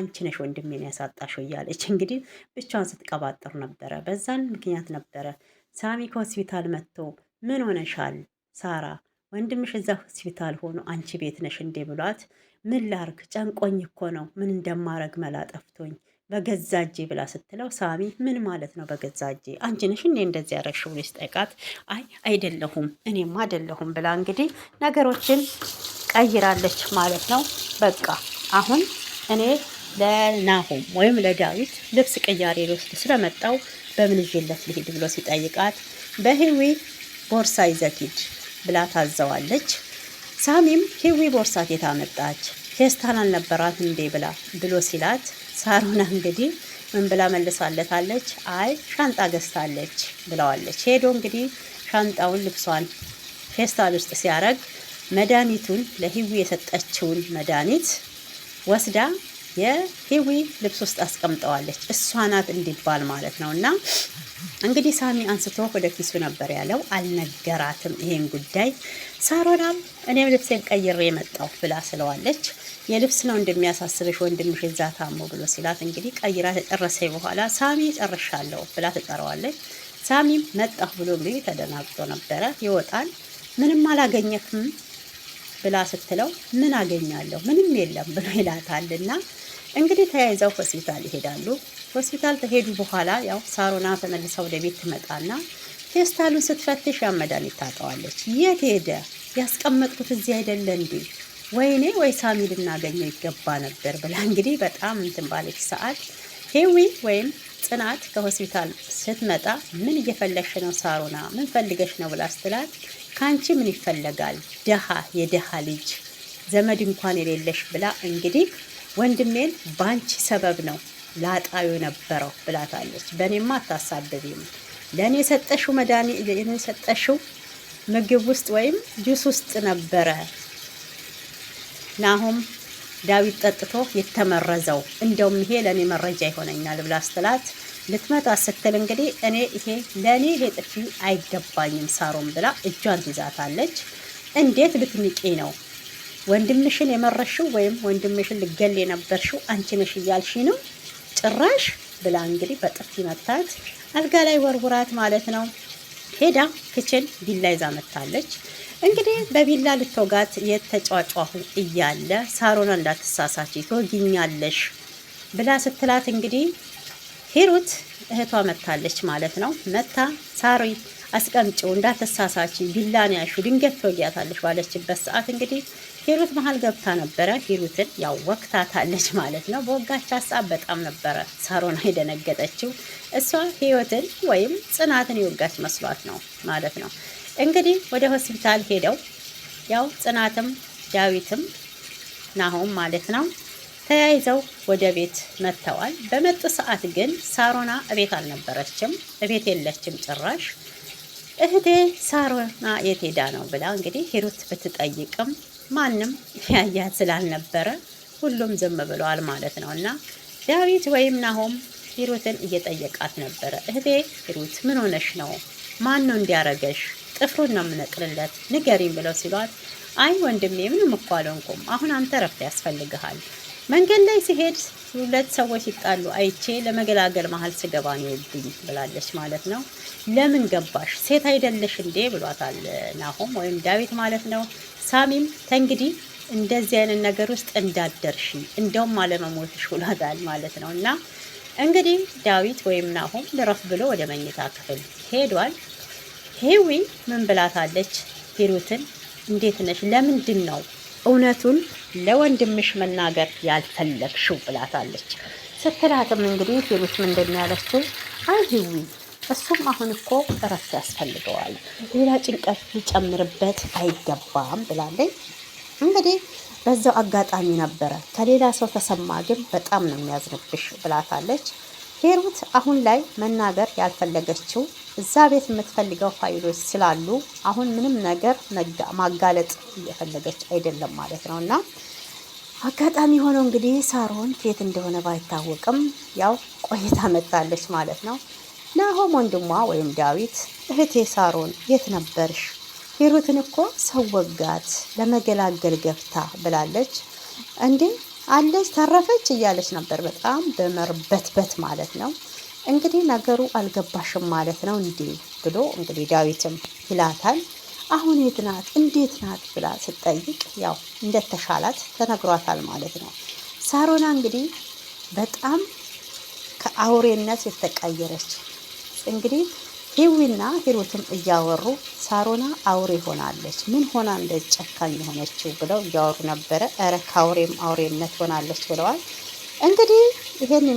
አንቺ ነሽ ወንድሜን ያሳጣሽው እያለች እንግዲህ ብቻዋን ስትቀባጠሩ ነበረ። በዛን ምክንያት ነበረ ሳሚ ከሆስፒታል መጥቶ ምን ሆነሻል ሳራ ወንድምሽ እዛ ሆስፒታል ሆኖ አንቺ ቤት ነሽ እንዴ ብሏት፣ ምን ላርግ ጨንቆኝ እኮ ነው ምን እንደማረግ መላ ጠፍቶኝ በገዛ እጄ ብላ ስትለው፣ ሳሚ ምን ማለት ነው በገዛ እጄ? አንቺ ነሽ እንዴ እንደዚህ ያረግሽው ልጅ ጠቃት። አይ አይደለሁም እኔም አይደለሁም ብላ እንግዲህ ነገሮችን ቀይራለች ማለት ነው። በቃ አሁን እኔ ለናሆም ወይም ለዳዊት ልብስ ቅያሬ ልወስድ ስለመጣው በምን ይዤለት ልሂድ ብሎ ሲጠይቃት በሂዊ ቦርሳ ይዘት ሂድ ብላ ታዘዋለች። ሳሚም ሂዊ ቦርሳ ጌታ መጣች ፌስታል አልነበራት እንዴ ብላ ብሎ ሲላት ሳሮና እንግዲህ ምን ብላ መልሳለታለች? አይ ሻንጣ ገዝታለች ብለዋለች። ሄዶ እንግዲህ ሻንጣውን ልብሷን ፌስታል ውስጥ ሲያረግ መድኃኒቱን ለሂዊ የሰጠችውን መድኃኒት ወስዳ የሂዊ ልብስ ውስጥ አስቀምጠዋለች። እሷ ናት እንዲባል ማለት ነው። እና እንግዲህ ሳሚ አንስቶ ወደ ኪሱ ነበር ያለው፣ አልነገራትም ይሄን ጉዳይ። ሳሮናም እኔም ልብሴን ቀይሬ የመጣው ብላ ስለዋለች። የልብስ ነው እንደሚያሳስብሽ ወንድምሽ እዛ ታሞ ብሎ ሲላት እንግዲህ ቀይራ ተጨረሰኝ በኋላ ሳሚ ጨርሻለሁ ብላ ትጠራዋለች። ሳሚም መጣሁ ብሎ እንግዲህ ተደናግጦ ነበረ። ይወጣል። ምንም አላገኘክም ብላ ስትለው ምን አገኛለሁ ምንም የለም ብሎ ይላታልና እንግዲህ ተያይዘው ሆስፒታል ይሄዳሉ። ሆስፒታል ከሄዱ በኋላ ያው ሳሮና ተመልሳ ወደ ቤት ትመጣና ፌስታሉን ስትፈትሽ ያ መድኃኒት ታጠዋለች። የት ሄደ? ያስቀመጥኩት እዚህ አይደለ እንዴ? ወይኔ ወይ ሳሚ ልናገኘው ይገባ ነበር ብላ እንግዲህ በጣም እንትን ባለች ሰዓት ሄዊ ወይም ጽናት ከሆስፒታል ስትመጣ ምን እየፈለግሽ ነው ሳሮና፣ ምን ፈልገሽ ነው ብላ ስትላት ከአንቺ ምን ይፈለጋል? ደሃ የደሃ ልጅ ዘመድ እንኳን የሌለሽ ብላ እንግዲህ ወንድሜን ባንቺ ሰበብ ነው ላጣዩ ነበረው ብላታለች። በእኔማ አታሳብቢም። ለእኔ የሰጠሽው መድኃኒት ለእኔ የሰጠሽው ምግብ ውስጥ ወይም ጁስ ውስጥ ነበረ ናሁም ዳዊት ጠጥቶ የተመረዘው። እንደውም ይሄ ለእኔ መረጃ ይሆነኛል ብላ ስትላት ልትመጣ ስትል እንግዲህ እኔ ይሄ ለእኔ ሌጥፊ አይገባኝም ሳሮም ብላ እጇን ትይዛታለች። እንዴት ልትንቂ ነው ወንድምሽን የመረሽው ወይም ወንድምሽን ልገል የነበርሽው አንቺ ነሽ እያልሽ ነው ጭራሽ ብላ እንግዲህ በጥፊ መታት፣ አልጋ ላይ ወርውራት ማለት ነው። ሄዳ ክችን ቢላ ይዛ መታለች። እንግዲህ በቢላ ልትወጋት የተጫጫሁ እያለ ሳሮና እንዳትሳሳች ትወግኛለሽ ብላ ስትላት እንግዲህ ሂሩት እህቷ መታለች ማለት ነው። መታ ሳሮይ አስቀምጪው እንዳትሳሳች ቢላን ያሹ ድንገት ተወጊያታለች ባለችበት ሰዓት እንግዲህ ሂሩት መሀል ገብታ ነበረ። ሂሩትን ያው ወቅታታለች ማለት ነው። በወጋች ሀሳብ በጣም ነበረ ሳሮና የደነገጠችው። እሷ ህይወትን ወይም ጽናትን የወጋች መስሏት ነው ማለት ነው። እንግዲህ ወደ ሆስፒታል ሄደው ያው ጽናትም ዳዊትም ናሆም ማለት ነው ተያይዘው ወደ ቤት መጥተዋል። በመጡ ሰዓት ግን ሳሮና እቤት አልነበረችም፣ እቤት የለችም ጭራሽ እህቴ ሳሮና የት ሄዳ ነው ብላ እንግዲህ ሂሩት ብትጠይቅም ማንም ያያት ስላልነበረ ሁሉም ዝም ብለዋል ማለት ነው። እና ዳዊት ወይም ናሆም ሂሩትን እየጠየቃት ነበረ። እህቴ ሂሩት ምን ሆነሽ ነው? ማን ነው እንዲያረገሽ? ጥፍሩን ነው የምነቅልለት ንገሪም ብለው ሲሏት አይ ወንድሜ ምንም እኮ አልሆንኩም። አሁን አንተ ረፍት ያስፈልግሃል መንገድ ላይ ሲሄድ ሁለት ሰዎች ሲጣሉ አይቼ ለመገላገል መሀል ስገባ ነው የወዱኝ ብላለች ማለት ነው። ለምን ገባሽ ሴት አይደለሽ እንዴ ብሏታል ናሆም ወይም ዳዊት ማለት ነው። ሳሚም ተንግዲህ እንደዚህ አይነት ነገር ውስጥ እንዳደርሽ እንደውም አለመሞትሽ ብሏታል ማለት ነው። እና እንግዲህ ዳዊት ወይም ናሆም ልረፍ ብሎ ወደ መኝታ ክፍል ሄዷል። ሄዊ ምን ብላታለች? ሂሩትን እንዴት ነሽ? ለምንድን ነው እውነቱን ለወንድምሽ መናገር ያልፈለግሽው ብላታለች። ስትላትም እንግዲህ ሌሎች ምንድን ያለችው አይዊ እሱም አሁን እኮ እረፍት ያስፈልገዋል፣ ሌላ ጭንቀት ሊጨምርበት አይገባም ብላለኝ። እንግዲህ በዛው አጋጣሚ ነበረ ከሌላ ሰው ተሰማ፣ ግን በጣም ነው የሚያዝንብሽ ብላታለች። ሄሩት አሁን ላይ መናገር ያልፈለገችው እዛ ቤት የምትፈልገው ፋይሎች ስላሉ አሁን ምንም ነገር ማጋለጥ እየፈለገች አይደለም ማለት ነው። እና አጋጣሚ ሆነው እንግዲህ ሳሮን ከየት እንደሆነ ባይታወቅም ያው ቆይታ መጣለች ማለት ነው። ናሆም ወንድሟ ወይም ዳዊት እህቴ ሳሮን የት ነበርሽ? ሄሩትን እኮ ሰው ወጋት ለመገላገል ገብታ ብላለች እንዴ አለች ተረፈች እያለች ነበር። በጣም በመርበትበት ማለት ነው። እንግዲህ ነገሩ አልገባሽም ማለት ነው እንዴ ብሎ እንግዲህ ዳዊትም ይላታል። አሁን የት ናት እንዴት ናት ብላ ስጠይቅ ያው እንደተሻላት ተነግሯታል ማለት ነው። ሳሮና እንግዲህ በጣም ከአውሬነት የተቀየረች እንግዲህ ሂዊና ሂሩትም እያወሩ ሳሮና አውሬ ሆናለች፣ ምን ሆና እንደ ጨካኝ የሆነችው ብለው እያወሩ ነበረ። ረ ከአውሬም አውሬነት ሆናለች ብለዋል። እንግዲህ ይሄን